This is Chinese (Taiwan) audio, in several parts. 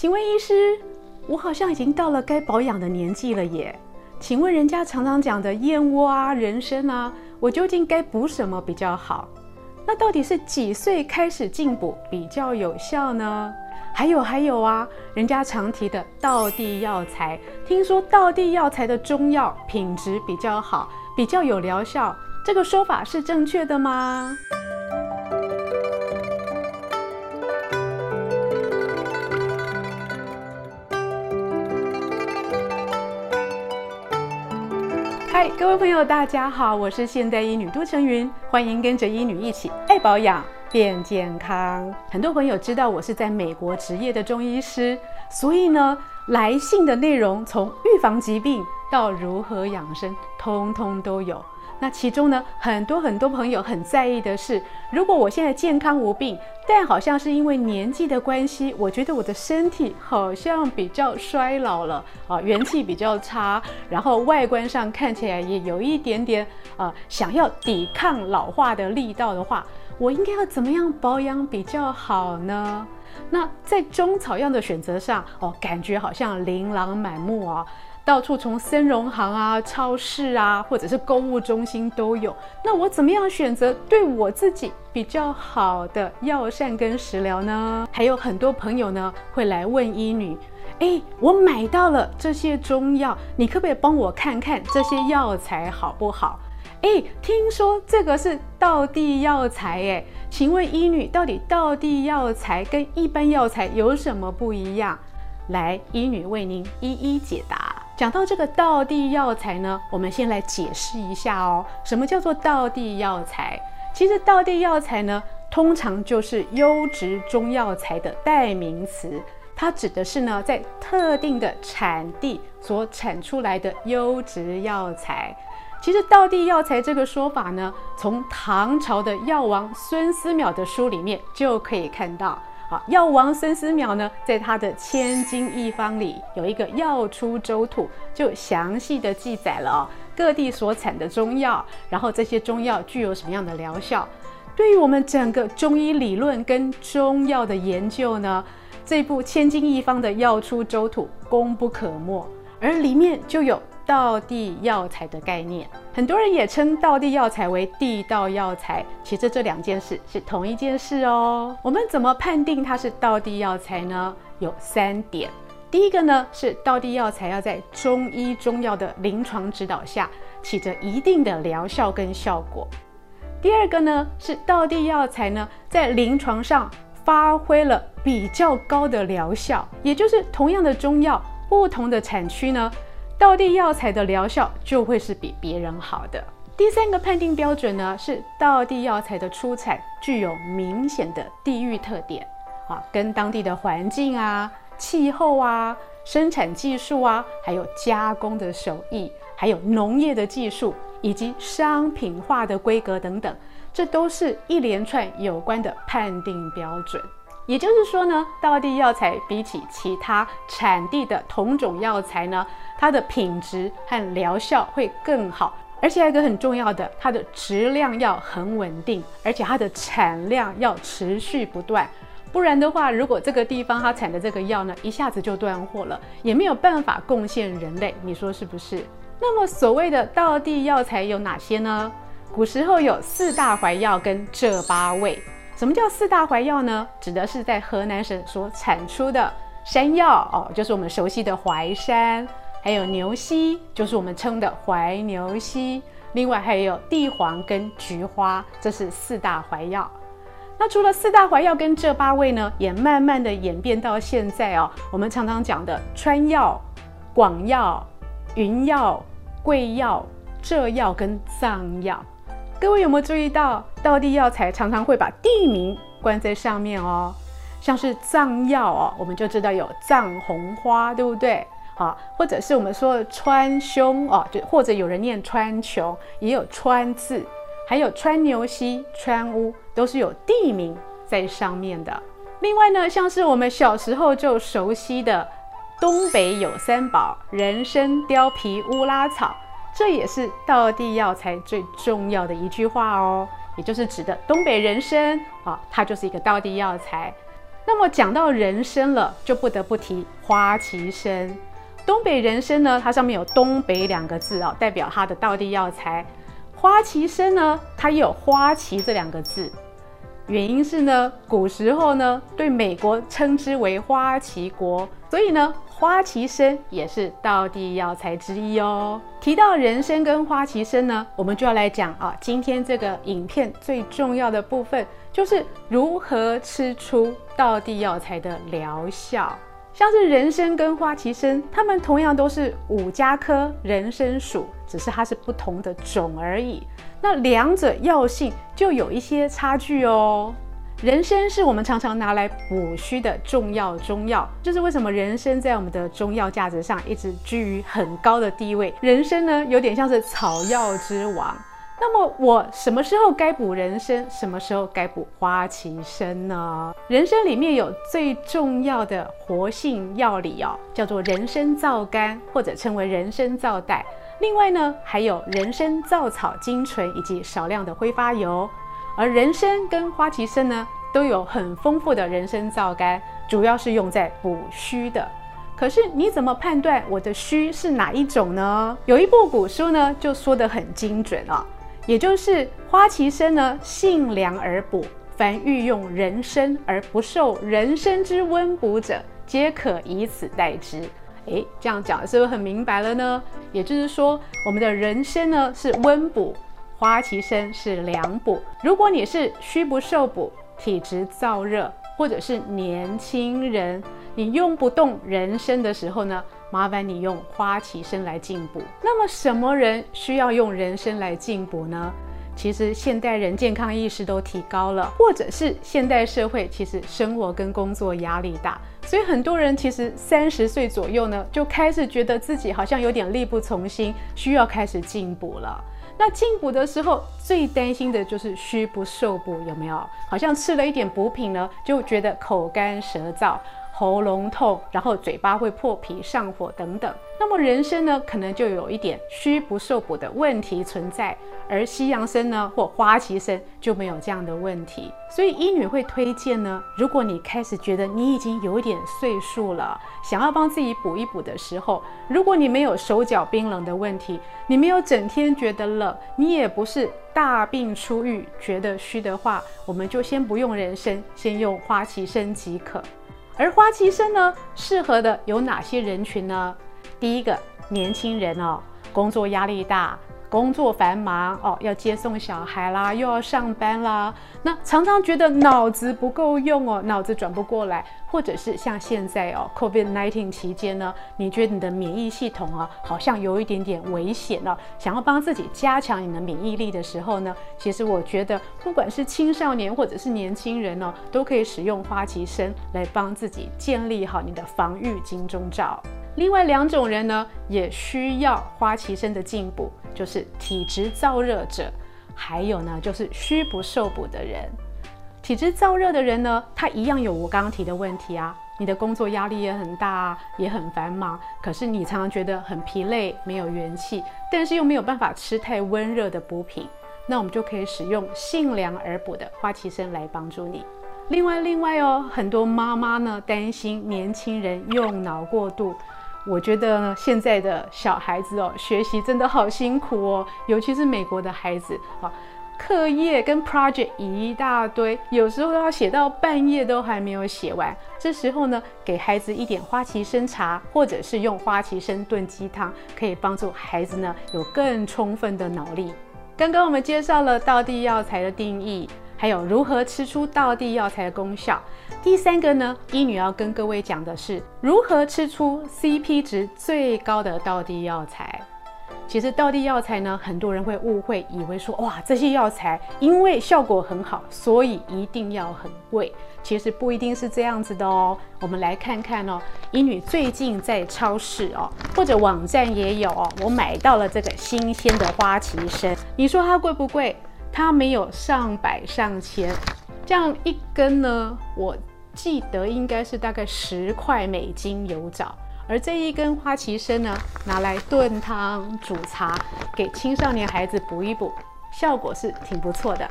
請問醫師，我好像已經到了該保養的年紀了耶。請問人家常常講的燕窩啊、人參啊，我究竟該補什麼比較好？那到底是幾歲開始進補比較有效呢？還有還有啊，人家常提的道地藥材，聽說道地藥材的中藥品質比較好，比較有療效，這個說法是正確的嗎？各位朋友，大家好，我是現代醫女杜成雲，歡迎跟着醫女一起愛保養變健康。很多朋友知道我是在美國執業的中醫師，所以呢，來信的內容從預防疾病到如何養生，通通都有。那其中呢，很多很多朋友很在意的是，如果我現在健康無病，但好像是因為年紀的關係，我覺得我的身體好像比較衰老了啊、呃，元氣比較差，然後外觀上看起來也有一點點啊、呃，想要抵抗老化的力道的話，我應該要怎麼樣保養比較好呢？那在中草藥的選擇上，哦、呃，感覺好像琳琅滿目啊、哦。到處從參茸行啊、超市啊，或者是購物中心都有。那我怎麼樣選擇對我自己比較好的藥膳跟食療呢？還有很多朋友呢會來問醫女，哎、欸，我買到了這些中藥，你可不可以幫我看看這些藥材好不好？哎、欸，聽說這個是道地藥材、欸，哎，請問醫女到底道地藥材跟一般藥材有什麼不一樣？來，醫女為您一一解答。講到這個道地藥材呢，我們先來解釋一下哦，什麼叫做道地藥材？其實道地藥材呢，通常就是優質中藥材的代名詞，它指的是呢在特定的產地所產出來的優質藥材。其實道地藥材這個說法呢，從唐朝的藥王孫思邈的書裡面就可以看到。好，藥王孫思邈呢，在他的《千金翼方》裡有一個《藥出州土》，就詳細的記載了哦各地所產的中藥，然後這些中藥具有什麼樣的療效。對於我們整個中醫理論跟中藥的研究呢，這部《千金翼方》的《藥出州土》功不可沒，而裡面就有。道地藥材的概念，很多人也稱道地藥材為地道藥材。其實這兩件事是同一件事哦。我們怎麼判定它是道地藥材呢？有三點。第一個呢是道地藥材要在中醫中藥的臨床指導下起着一定的療效跟效果。第二個呢是道地藥材呢在臨床上發揮了比較高的療效，也就是同樣的中藥，不同的產區呢。道地藥材的療效就會是比別人好的。第三個判定標準呢，是道地藥材的出產具有明顯的地域特點，啊，跟當地的環境啊、氣候啊、生產技術啊，還有加工的手藝，還有農業的技術，以及商品化的規格等等，這都是一連串有關的判定標準。也就是說呢，道地藥材比起其他產地的同種藥材呢，它的品質和療效會更好。而且還有一個很重要的，它的質量要很穩定，而且它的產量要持續不斷。不然的話，如果這個地方它產的這個藥呢，一下子就斷貨了，也沒有辦法貢獻人類，你說是不是？那麼所謂的道地藥材有哪些呢？古時候有四大懷藥跟浙八味。什麼叫四大懷藥呢？指的是在河南省所產出的山藥哦，就是我們熟悉的淮山，還有牛膝，就是我們稱的懷牛膝，另外還有地黃跟菊花，這是四大懷藥。那除了四大懷藥跟這八味呢，也慢慢的演變到現在哦，我們常常講的川藥、廣藥、雲藥、貴藥、浙藥跟藏藥。各位有沒有注意到，道地藥材常常會把地名冠在上面哦，像是藏藥哦，我們就知道有藏紅花，對不對？啊，或者是我們說川芎哦，啊，就或者有人念川穹，也有川字，還有川牛膝、川烏，都是有地名在上面的。另外呢，像是我們小時候就熟悉的東北有三寶：人參、貂皮、烏拉草。這也是道地藥材最重要的一句話哦，也就是指的東北人參啊、哦，它就是一個道地藥材。那麼講到人參了，就不得不提花旗參。東北人參呢，它上面有東北兩個字啊、哦，代表它的道地藥材。花旗參呢，它也有花旗這兩個字，原因是呢，古時候呢，對美國稱之為花旗國。所以呢，花旗參也是道地藥材之一哦。提到人參跟花旗參呢，我們就要來講啊，今天這個影片最重要的部分，就是如何吃出道地藥材的療效。像是人參跟花旗參，它們同樣都是五加科人參屬，只是它是不同的種而已。那兩者藥性就有一些差距哦。人參是我們常常拿來補虛的重要中藥，這、就是為什麼？人參在我們的中藥價值上一直居於很高的地位。人參呢，有點像是草藥之王。那麼我什麼時候該補人參，什麼時候該補花旗參呢？人參裡面有最重要的活性藥理哦，叫做人參皂苷，或者稱為人參皂甙。另外呢，還有人參皂草精醇以及少量的揮發油。而人參跟花旗參呢，都有很豐富的人參皂苷，主要是用在補虛的。可是你怎麼判斷我的虛是哪一種呢？有一部古書呢就說得很精準啊、哦，也就是花旗參呢性涼而補，凡欲用人參而不受人參之溫補者，皆可以此代之。哎，這樣講是不是很明白了呢？也就是說，我們的人參呢是溫補。花旗參是涼補，如果你是虛不受補、體質燥熱，或者是年輕人，你用不動人參的時候呢，麻煩你用花旗參來進補。那麼什麼人需要用人參來進補呢？其實現代人健康意識都提高了，或者是現代社會其實生活跟工作壓力大，所以很多人其實三十歲左右呢，就開始覺得自己好像有點力不從心，需要開始進補了。那進補的時候，最擔心的就是虛不受補，有沒有？好像吃了一點補品呢，就覺得口乾舌燥。喉嚨痛，然後嘴巴會破皮、上火等等，那麼人參呢，可能就有一點虛不受補的問題存在，而西洋參呢或花旗參就沒有這樣的問題，所以醫女會推薦呢，如果你開始覺得你已經有點歲數了，想要幫自己補一補的時候，如果你沒有手腳冰冷的問題，你沒有整天覺得冷，你也不是大病初癒覺得虛的話，我們就先不用人參，先用花旗參即可。而花旗參呢，適合的有哪些人群呢？第一個，年輕人哦，工作壓力大。工作繁忙哦，要接送小孩啦，又要上班啦，那常常覺得腦子不夠用哦，腦子轉不過來，或者是像現在哦，COVID-19 期間呢，你覺得你的免疫系統啊，好像有一點點危險、哦、想要幫自己加強你的免疫力的時候呢，其實我覺得不管是青少年或者是年輕人、哦、都可以使用花旗參來幫自己建立好你的防禦金鐘罩。另外兩種人呢，也需要花旗參的進補，就是體質燥熱者，還有呢就是虛不受補的人。體質燥熱的人呢，他一樣有我剛剛提的問題啊，你的工作壓力也很大啊，也很繁忙，可是你常常覺得很疲累，沒有元氣，但是又沒有辦法吃太溫熱的補品，那我們就可以使用性涼而補的花旗參來幫助你。另外另外哦，很多媽媽呢擔心年輕人用腦過度。我覺得現在的小孩子哦，學習真的好辛苦哦，尤其是美國的孩子啊，課業跟 project 一大堆，有時候都要寫到半夜都還沒有寫完。這時候呢，給孩子一點花旗參茶，或者是用花旗參燉雞湯，可以幫助孩子呢有更充分的腦力。剛剛我們介紹了道地藥材的定義。還有如何吃出道地藥材的功效？第三個呢，醫女要跟各位講的是如何吃出 CP 值最高的道地藥材。其實道地藥材呢，很多人會誤會，以為說哇，這些藥材因為效果很好，所以一定要很貴。其實不一定是這樣子的哦。我們來看看哦，醫女最近在超市哦，或者網站也有哦，我買到了這個新鮮的花旗參，你說它貴不貴？它沒有上百上千，這樣一根呢，我記得應該是大概十塊美金有找。油，而這一根花旗參呢，拿來燉湯、煮茶，給青少年孩子補一補，效果是挺不錯的。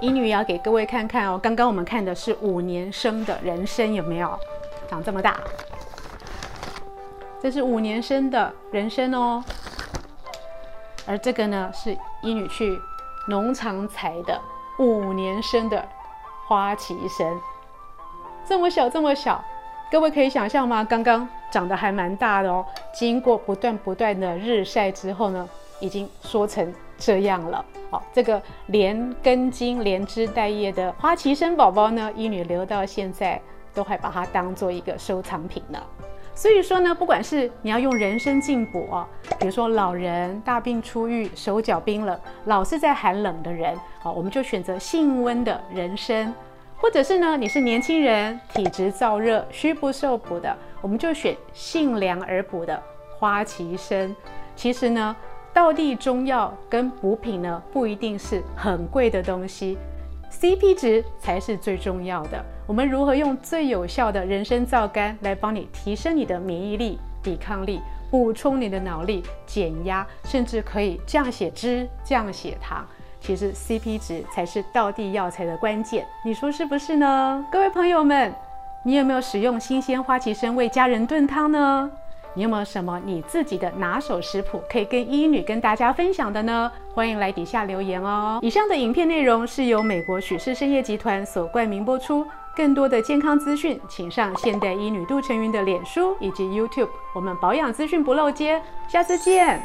醫女也要給各位看看哦，剛剛我們看的是五年生的人參，有沒有長這麼大？這是五年生的人參哦，而這個呢是醫女去。農場採的五年生的花旗參，這麼小這麼小，各位可以想象嗎？剛剛長得還蠻大的哦，經過不斷不斷的日曬之後呢，已經縮成這樣了。好、哦，這個連根莖連枝帶葉的花旗參寶寶呢，醫女留到現在都還把它當做一個收藏品呢。所以說呢，不管是你要用人參進補，哦，比如說老人大病初癒，手腳冰冷，老是在寒冷的人，好，哦，我們就選擇性溫的人參；或者是呢，你是年輕人，體質燥熱，虛不受補的，我們就選性涼而補的花旗參。其實呢，道地中藥跟補品呢，不一定是很貴的東西。CP 值才是最重要的。我們如何用最有效的人參皂苷來幫你提升你的免疫力、抵抗力，補充你的腦力，減壓，甚至可以降血脂、降血糖？其實 CP 值才是道地藥材的關鍵。你說是不是呢，各位朋友們？你有沒有使用新鮮花旗參為家人燉湯呢？你有沒有什麼你自己的拿手食譜可以跟醫女跟大家分享的呢？歡迎來底下留言哦。以上的影片內容是由美國許氏參業集團所冠名播出。更多的健康資訊，請上現代醫女杜成雲的臉書以及 YouTube。我們保養資訊不漏接，下次見。